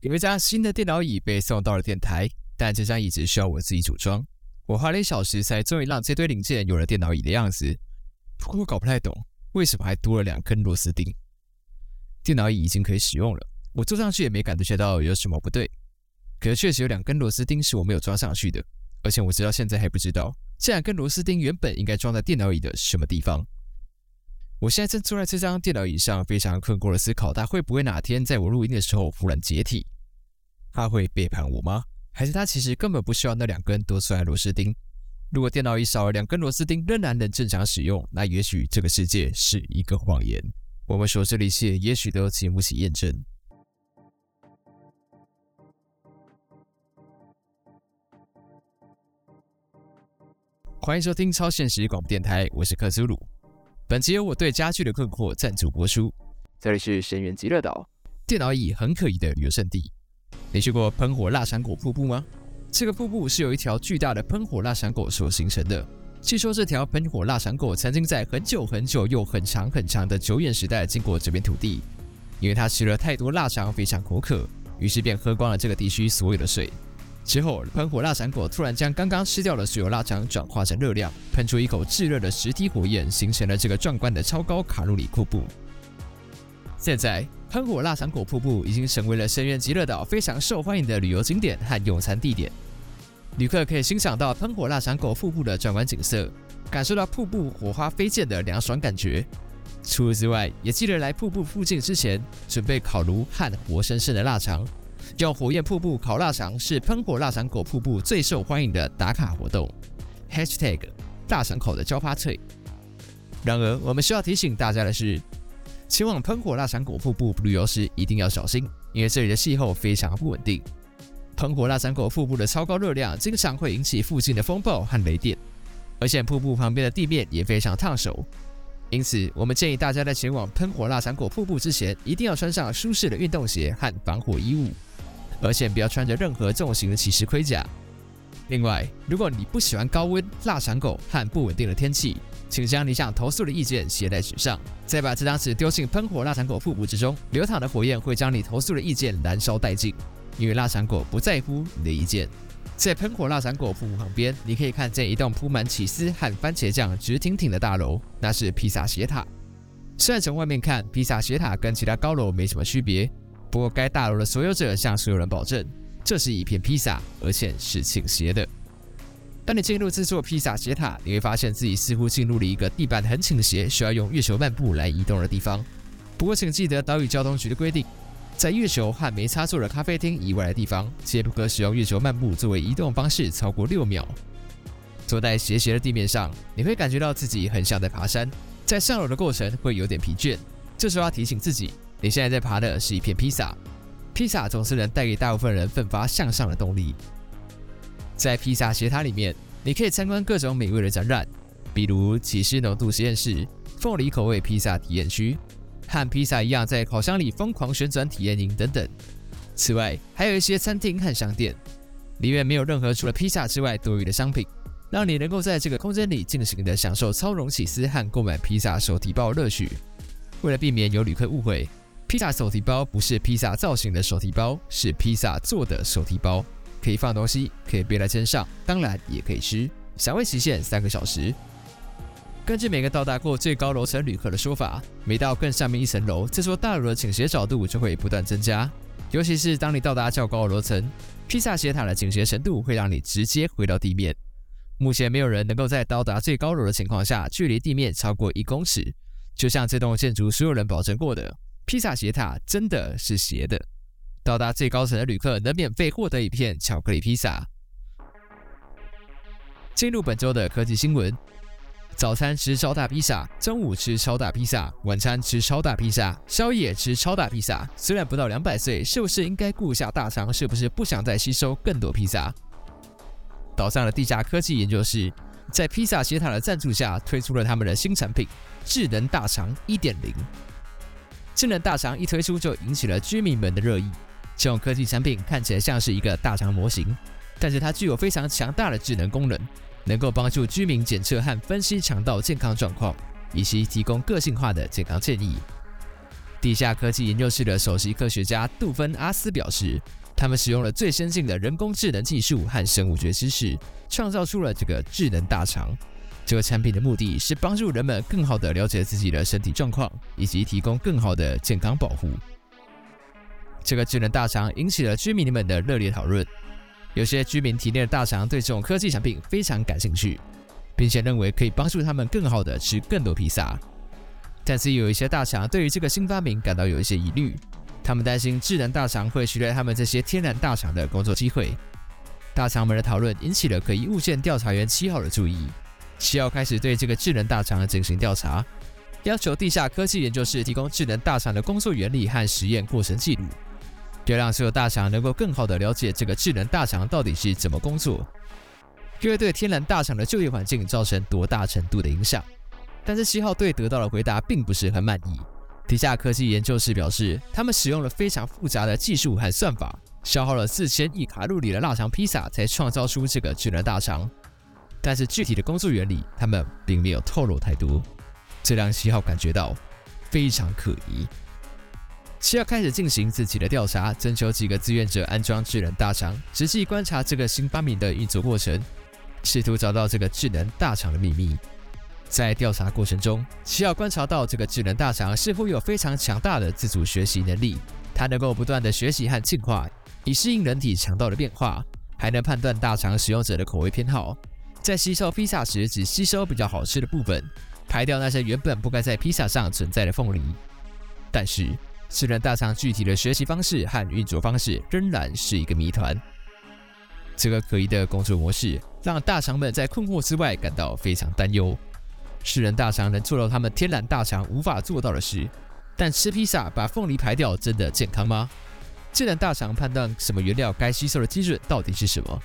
有一張新的電腦椅被送到了電台，但這張椅子需要我自己組裝。我花了一小時才終於讓這堆零件有了電腦椅的樣子。不過我搞不太懂，為什麼還多了兩根螺絲釘？電腦椅已經可以使用了，我坐上去也沒感覺到有什麼不對。可是確實有兩根螺絲釘是我沒有裝上去的，而且我直到現在還不知道這兩根螺絲釘原本應該裝在電腦椅的什麼地方。我現在正坐在這張電腦椅上，非常困惑的思考，它會不會哪天在我錄音的時候忽然解體？他會背叛我嗎？還是他其實根本不需要那兩根多出來的螺絲釘？如果電腦椅少了兩根螺絲釘仍然能正常使用，那也許這個世界是一個謊言。我們所知的一切，也許都經不起驗證。歡迎收聽超現實廣播電台，我是克蘇魯。本集由我對家具的困惑贊助播出，這裡是深淵極樂島，電腦椅很可疑的旅遊勝地。你去過噴火臘腸狗瀑布嗎？這個瀑布是由一條巨大的噴火臘腸狗所形成的。據說這條噴火臘腸狗曾經在很久很久又很長很長的久遠時代經過這片土地，因為它吃了太多臘腸，非常口渴，於是便喝光了這個地區所有的水。之後，噴火臘腸狗突然將剛剛吃掉的所有臘腸轉化成熱量，噴出一口炙熱的實體火焰，形成了這個壯觀的超高卡路里瀑布。現在，噴火臘腸狗瀑布已經成為了深淵極樂島非常受歡迎的旅遊景點和用餐地點。旅客可以欣賞到噴火臘腸狗瀑布的壯觀景色，感受到瀑布火花飛濺的涼爽感覺。除此之外，也記得來瀑布附近之前準備烤爐和活生生的臘腸。用火焰瀑布烤臘腸是噴火臘腸狗瀑布最受歡迎的打卡活動。Hashtag，大腸烤的焦發脆。然而，我們需要提醒大家的是，前往噴火臘腸狗瀑布旅遊時一定要小心，因為這裡的氣候非常不穩定。噴火臘腸狗瀑布的超高熱量經常會引起附近的風暴和雷電，而且瀑布旁邊的地面也非常燙手。因此，我們建議大家在前往噴火臘腸狗瀑布之前一定要穿上舒適的運動鞋和防火衣物。而且不要穿着任何重型的騎士盔甲。另外，如果你不喜歡高溫、臘腸狗和不穩定的天氣，請將你想投訴的意見寫在紙上，再把這張紙丟進噴火臘腸狗瀑布之中。流淌的火焰會將你投訴的意見燃燒殆盡，因為臘腸狗不在乎你的意見。在噴火臘腸狗瀑布旁邊，你可以看見一棟鋪滿起司和番茄醬直挺挺的大樓，那是披薩斜塔。雖然從外面看，披薩斜塔跟其他高樓沒什麼區別。不過，該大樓的所有者向所有人保證，這是一片披薩，而且是傾斜的。當你進入這座披薩斜塔，你會發現自己似乎進入了一個地板很傾斜、需要用月球漫步來移動的地方。不過，請記得島嶼交通局的規定：在月球和沒插座的咖啡廳以外的地方，皆不可使用月球漫步作為移動方式超過六秒。坐在斜斜的地面上，你會感覺到自己很像在爬山，在上樓的過程會有點疲倦。這時候要提醒自己。你現在在爬的是一片披薩，披薩總是能帶給大部分人奮發向上的動力。在披薩斜塔裡面，你可以參觀各種美味的展覽，比如起司濃度實驗室、鳳梨口味披薩體驗區，和披薩一樣在烤箱裡瘋狂旋轉體驗營等等。此外，還有一些餐廳和商店，裡面沒有任何除了披薩之外多餘的商品，讓你能夠在這個空間裡盡情地享受超濃起司和購買披薩手提包的樂趣。為了避免有旅客誤會，披薩手提包不是披薩造型的手提包，是披薩做的手提包，可以放東西，可以背在身上，當然也可以吃。香味期限三個小時。根據每個到達過最高樓層旅客的說法，每到更上面一層樓，這座大樓的傾斜角度就會不斷增加。尤其是當你到達較高的樓層，披薩斜塔的傾斜程度會讓你直接回到地面。目前沒有人能夠在到達最高樓的情況下距離地面超過一公尺，就像這棟建築所有人保證過的。披薩斜塔真的是斜的。到達最高層的旅客能免費獲得一片巧克力披薩。進入本周的科技新聞：早餐吃超大披薩，中午吃超大披薩，晚餐吃超大披薩，宵夜吃超大披薩。雖然不到兩百歲，是不是應該顧下大腸？是不是不想再吸收更多披薩？島上的地下科技研究室在披薩斜塔的贊助下推出了他們的新產品——智能大腸1.0。智能大腸一推出就引起了居民們的熱議。這種科技產品看起來像是一個大腸模型，但是它具有非常強大的智能功能，能夠幫助居民檢測和分析腸道健康狀況，以及提供個性化的健康建議。地下科技研究室的首席科學家杜芬阿斯表示，他們使用了最先進的人工智能技術和生物學知識，創造出了這個智能大腸。這個產品的目的是幫助人們更好的了解自己的身體狀況，以及提供更好的健康保護。這個智能大腸引起了居民們的熱烈討論。有些居民體內的大腸對這種科技產品非常感興趣，並且認為可以幫助他們更好的吃更多披薩。但是，有一些大腸對於這個新發明感到有一些疑慮，他們擔心智能大腸會取代他們這些天然大腸的工作機會。大腸們的討論引起了可疑物件調查員七號的注意。七號開始對這個智能大腸進行調查，要求地下科技研究室提供智能大腸的工作原理和實驗過程記錄，這讓所有大腸能夠更好地了解這個智能大腸到底是怎麼工作，會對天然大腸的就業環境造成多大程度的影響？但是七號對得到的回答並不是很滿意。地下科技研究室表示，他們使用了非常複雜的技術和算法，消耗了四千億卡路里的臘腸披薩，才創造出這個智能大腸。但是具體的工作原理，他們並沒有透露太多，這讓七號感覺到非常可疑。七號開始進行自己的調查，徵求幾個志願者安裝智能大腸，實際觀察這個新發明的運作過程，試圖找到這個智能大腸的秘密。在調查過程中，七號觀察到這個智能大腸似乎有非常強大的自主學習能力，它能夠不斷地學習和進化，以適應人體腸道的變化，還能判斷大腸使用者的口味偏好。在吸收披薩時，只吸收比較好吃的部分，排掉那些原本不該在披薩上存在的鳳梨。但是，智能大腸具體的學習方式和運作方式仍然是一個謎團。這個可疑的工作模式讓大腸們在困惑之外感到非常擔憂。智能大腸能做到他們天然大腸無法做到的事，但吃披薩把鳳梨排掉真的健康嗎？智能大腸判斷什麼原料該吸收的基準到底是什麼？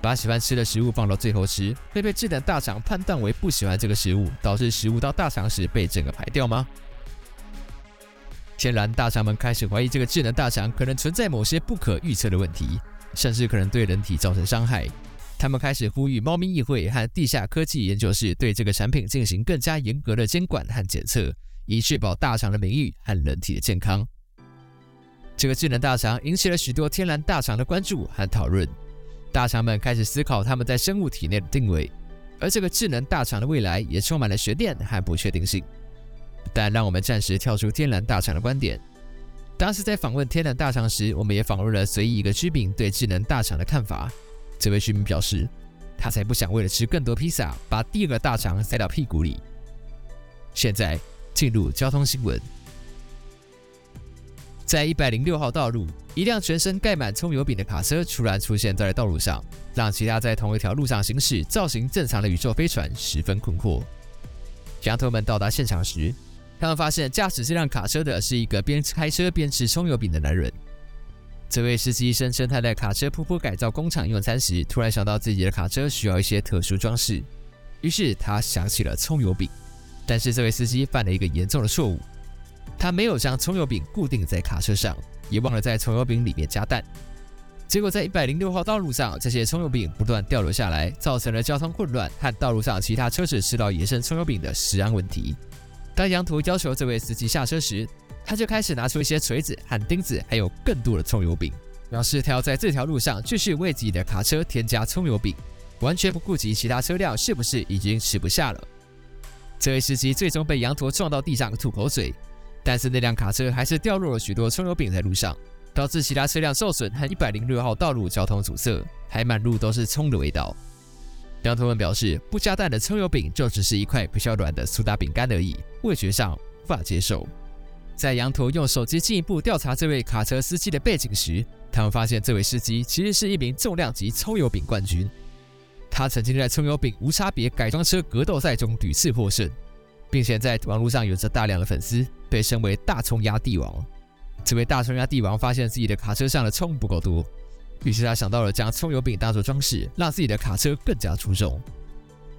把喜歡吃的食物放到最後吃，會被智能大腸判斷為不喜歡這個食物，導致食物到大腸時被整個排掉嗎？天然大腸們開始懷疑這個智能大腸可能存在某些不可預測的問題，甚至可能對人體造成傷害。他們開始呼籲貓咪議會和地下科技研究室對這個產品進行更加嚴格的監管和檢測，以確保大腸的名譽和人體的健康。這個智能大腸引起了許多天然大腸的關注和討論。大腸們開始思考它們在生物體內的定位，而這個智能大腸的未來也充滿了懸念和不確定性。但讓我們暫時跳出天然大腸的觀點。當時在訪問天然大腸時，我們也訪問了隨意一個居民對智能大腸的看法。這位居民表示，他才不想為了吃更多披薩，把第二個大腸塞到屁股裡。現在進入交通新聞。在一百零六號道路，一輛全身蓋滿蔥油餅的卡車突然出現在道路上，讓其他在同一條路上行駛、造型正常的宇宙飛船十分困惑。羊頭們到達現場時，他們發現駕駛這輛卡車的是一個邊開車邊吃蔥油餅的男人。這位司機聲稱他在卡車噗噗改造工廠用餐時，突然想到自己的卡車需要一些特殊裝飾，於是他想起了蔥油餅。但是，這位司機犯了一個嚴重的錯誤。他沒有將蔥油餅固定在卡車上，也忘了在蔥油餅裡面加蛋。結果在一百零六號道路上，這些蔥油餅不斷掉落下來，造成了交通混亂和道路上其他車子吃到野生蔥油餅的食安問題。當羊駝要求這位司機下車時，他就開始拿出一些錘子和釘子，還有更多的蔥油餅，表示他要在這條路上繼續為自己的卡車添加蔥油餅，完全不顧及其他車輛是不是已經吃不下了。這位司機最終被羊駝撞到地上吐口水。但是那輛卡車還是掉落了許多蔥油餅在路上，導致其他車輛受損和一百零六號道路交通阻塞，還滿路都是蔥的味道。羊駝們表示，不加蛋的蔥油餅就只是一塊比較軟的蘇打餅乾而已，味覺上無法接受。在羊駝用手機進一步調查這位卡車司機的背景時，他們發現這位司機其實是一名重量級蔥油餅冠軍，他曾經在蔥油餅無差別改裝車格鬥賽中屢次獲勝。並且在網絡上有着大量的粉絲，被稱為“大蔥鴨帝王”。這位“大蔥鴨帝王”發現自己的卡車上的蔥不夠多，於是他想到了將蔥油餅當做裝飾，讓自己的卡車更加出眾。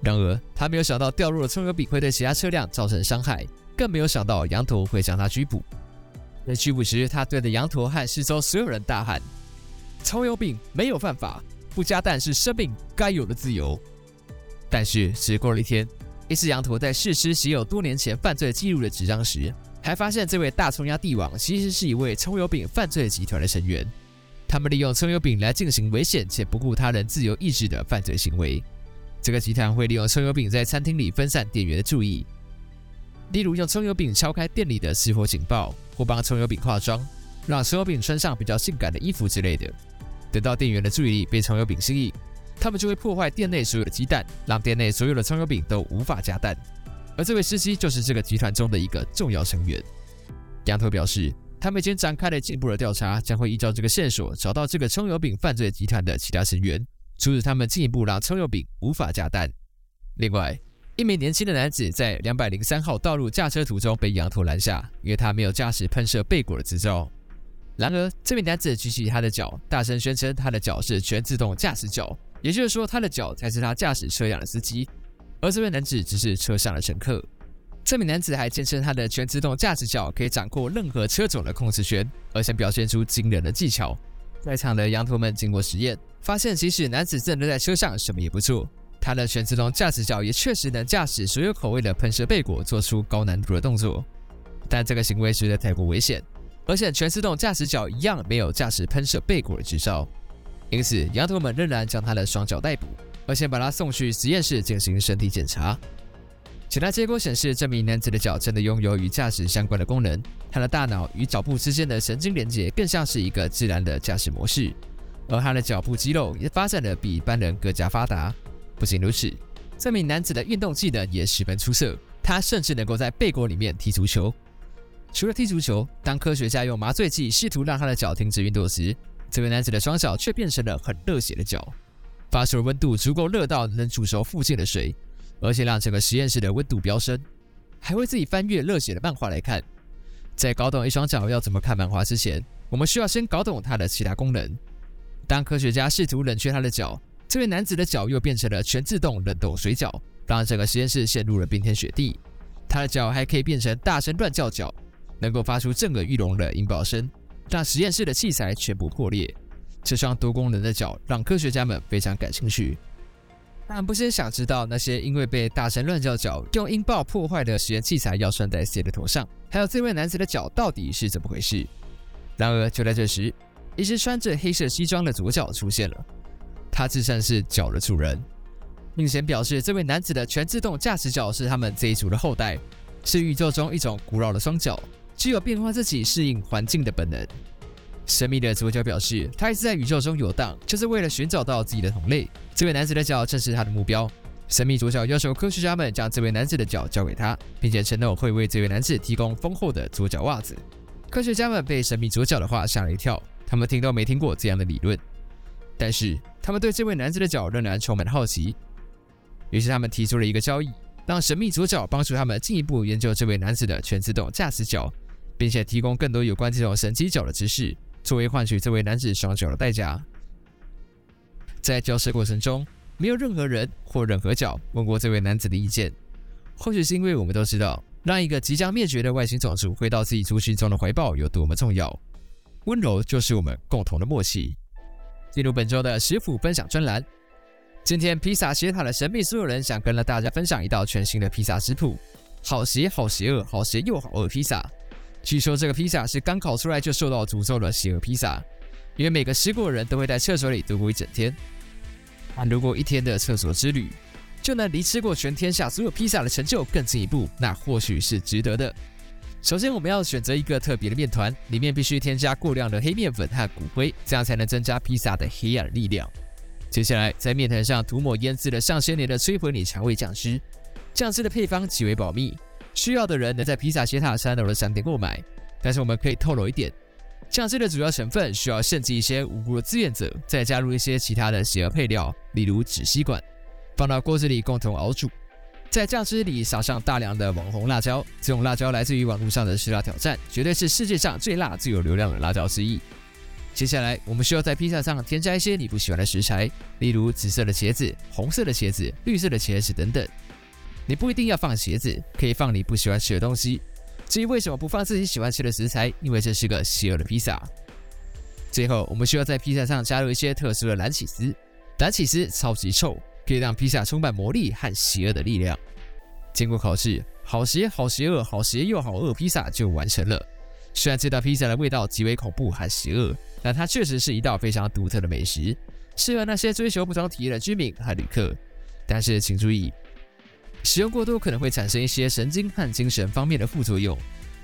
然而，他沒有想到掉落的蔥油餅會對其他車輛造成傷害，更沒有想到羊駝會將他拘捕。在拘捕時，他對着羊駝和四周所有人大喊：“蔥油餅沒有犯法，不加蛋是生命該有的自由。”但是，只過了一天。一次，羊駝在試吃寫有多年前犯罪記錄的紙張時，還發現這位大蔥油帝王其實是一位蔥油餅犯罪集團的成員。他們利用蔥油餅來進行危險且不顧他人自由意志的犯罪行為。這個集團會利用蔥油餅在餐廳裡分散店員的注意，例如用蔥油餅敲開店裡的失火警報，或幫蔥油餅化妝，讓蔥油餅穿上比較性感的衣服之類的，等到店員的注意力被蔥油餅吸引。他們就會破壞店內所有的雞蛋，讓店內所有的蔥油餅都無法加蛋。而這位司機就是這個集團中的一個重要成員。羊駝表示，他們已經展開了進一步的調查，將會依照這個線索找到這個蔥油餅犯罪集團的其他成員，阻止他們進一步讓蔥油餅無法加蛋。另外，一名年輕的男子在兩百零三號道路駕車途中被羊駝攔下，因為他沒有駕駛噴射貝果的執照。然而，這名男子舉起他的腳，大聲宣稱他的腳是全自動駕駛腳。也就是說，他的腳才是他駕駛車輛的司機，而這位男子只是車上的乘客。這名男子還堅稱他的全自動駕駛腳可以掌控任何車種的控制權，而且表現出驚人的技巧。在場的羊駝們經過實驗，發現即使男子真的在車上什麼也不做，他的全自動駕駛腳也確實能駕駛所有口味的噴射貝果做出高難度的動作。但這個行為實在太過危險，而且全自動駕駛腳一樣沒有駕駛噴射貝果的執照。因此，羊駝們仍然將他的雙腳逮捕，而且把他送去實驗室進行身體檢查。檢查結果顯示，這名男子的腳真的擁有與駕駛相關的功能。他的大腦與腳部之間的神經連接更像是一個自然的駕駛模式，而他的腳部肌肉也發展得比一般人更加發達。不僅如此，這名男子的運動技能也十分出色，他甚至能夠在背鍋裡面踢足球。除了踢足球，當科學家用麻醉劑試圖讓他的腳停止運動時，這位男子的雙腳卻變成了很熱血的腳，發出的溫度足夠熱到能煮熟附近的水，而且讓整個實驗室的溫度飆升，還會自己翻閱熱血的漫畫來看。在搞懂一雙腳要怎麼看漫畫之前，我們需要先搞懂它的其他功能。當科學家試圖冷卻他的腳，這位男子的腳又變成了全自動冷凍水腳，讓整個實驗室陷入了冰天雪地。他的腳還可以變成大聲亂叫腳，能夠發出震耳欲聾的音爆聲。讓實驗室的器材全部破裂。這雙多功能的腳讓科學家們非常感興趣，但不先想知道那些因為被大聲亂叫腳用音爆破壞的實驗器材要算在誰的頭上，還有這位男子的腳到底是怎麼回事。然而，就在這時，一隻穿着黑色西裝的左腳出現了，他自稱是腳的主人，並且表示這位男子的全自動駕駛腳是他們這一族的後代，是宇宙中一種古老的雙腳。只有變化自己適應環境的本能。神秘的左腳表示，他一直在宇宙中遊蕩，就是為了尋找到自己的同類。這位男子的腳正是他的目標。神秘左腳要求科學家們將這位男子的腳交給他，並且承諾會為這位男子提供豐厚的左腳襪子。科學家們被神秘左腳的話嚇了一跳，他們聽都沒聽過這樣的理論，但是他們對這位男子的腳仍然充滿好奇。於是他們提出了一個交易，讓神秘左腳幫助他們進一步研究這位男子的全自動駕駛腳，並且提供更多有關這種神奇腳的知識，作為換取這位男子雙腳的代價。在交涉過程中，沒有任何人或任何腳問過這位男子的意見。或許是因為我們都知道，讓一個即將滅絕的外星種族回到自己族群中的懷抱有多麼重要。溫柔就是我們共同的默契。進入本周的食譜分享專欄，今天披薩斜塔的神秘所有人想跟了大家分享一道全新的披薩食譜：好邪好邪惡，好邪又好惡披薩。據說這個披薩是剛烤出來就受到詛咒的邪惡披薩，因為每個吃過的人都會在廁所裡度過一整天。但如果一天的廁所之旅，就能離吃過全天下所有披薩的成就更進一步，那或許是值得的。首先，我們要選擇一個特別的麵糰，裡面必須添加過量的黑麵粉和骨灰，這樣才能增加披薩的黑暗力量。接下來，在麵糰上塗抹醃製了上千年的崔普里腸味醬汁，醬汁的配方極為保密。需要的人能在披薩斜塔三樓的商店購買，但是我們可以透露一點，醬汁的主要成分需要限制一些無辜的志願者，再加入一些其他的邪惡配料，例如紙吸管，放到鍋子裡共同熬煮，在醬汁裡撒上大量的網紅辣椒，這種辣椒來自於網絡上的吃辣挑戰，絕對是世界上最辣最有流量的辣椒之一。接下來，我們需要在披薩上添加一些你不喜歡的食材，例如紫色的茄子、紅色的茄子、綠色的茄子等等。你不一定要放鞋子，可以放你不喜歡吃的東西。至於為什麼不放自己喜歡吃的食材，因為這是個邪惡的披薩。最後，我們需要在披薩上加入一些特殊的藍起司，藍起司超級臭，可以讓披薩充滿魔力和邪惡的力量。經過考試，好邪好邪惡好邪又好惡披薩就完成了。雖然這道披薩的味道極為恐怖和邪惡，但它確實是一道非常獨特的美食，適合那些追求不同體驗的居民和旅客。但是請注意。使用過多可能會產生一些神經和精神方面的副作用，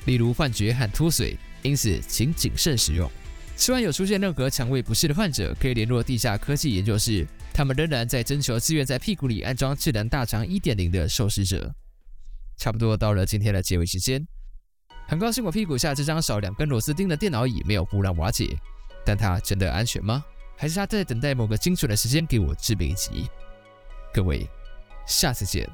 例如幻覺和脫水，因此請謹慎使用。希望有出現任何腸胃不適的患者可以聯絡地下科技研究室，他們仍然在徵求自願在屁股裡安裝智能大腸一點零的受試者。差不多到了今天的結尾時間，很高興我屁股下這張少兩根螺絲釘的電腦椅沒有忽然瓦解，但它真的安全嗎？還是它在等待某個精準的時間給我致命一擊？各位，下次見。